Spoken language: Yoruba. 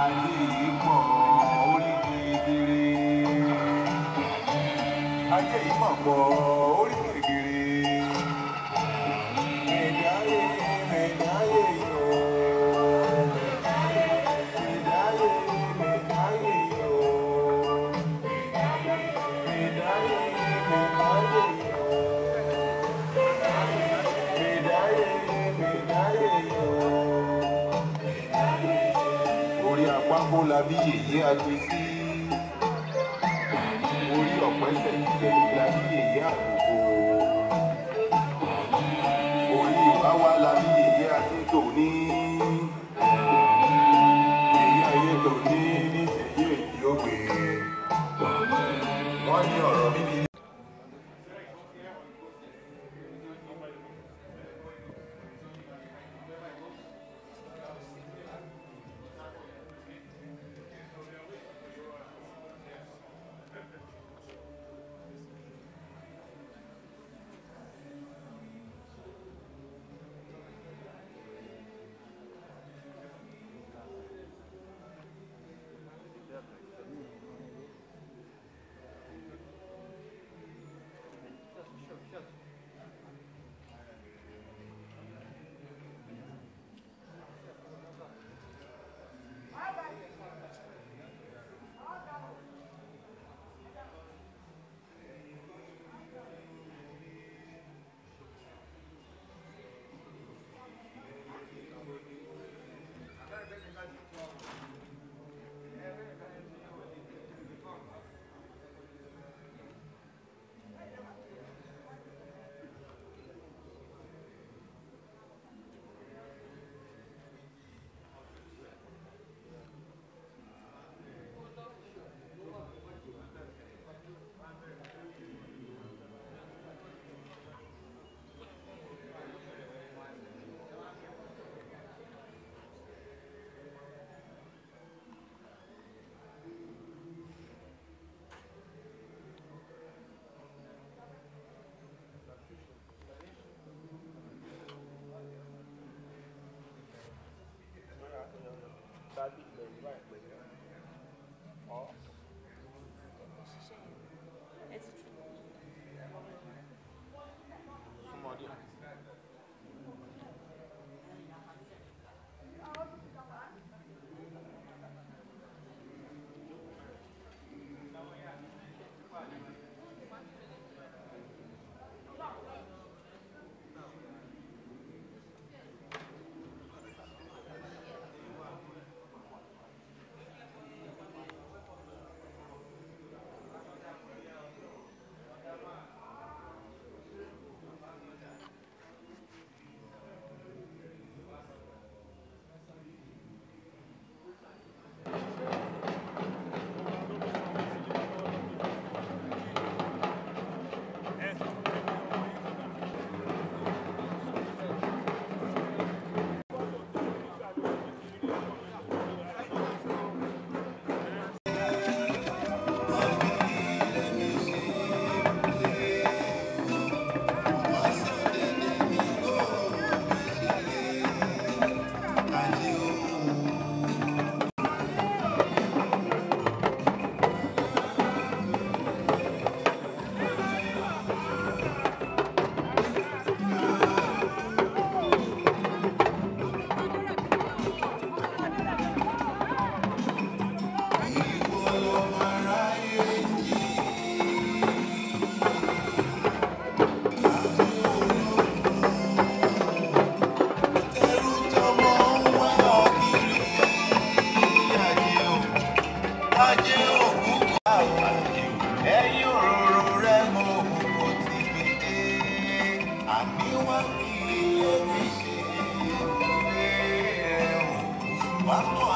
ayé pọ̀ orí kedere ayé yìí mọ̀ pọ̀ orí. Ọmọlábí Yèyé Agbésí orí ọ̀pẹ sẹ́yìn sẹ́yìn Lábí Yèyé Àkókò orí ìbáwá Lábí Yèyé Adédòní Yèyé Ayédòní níṣẹ́ èyí ó gbé wọ́n ní ọ̀rọ̀ bíbí. Guardo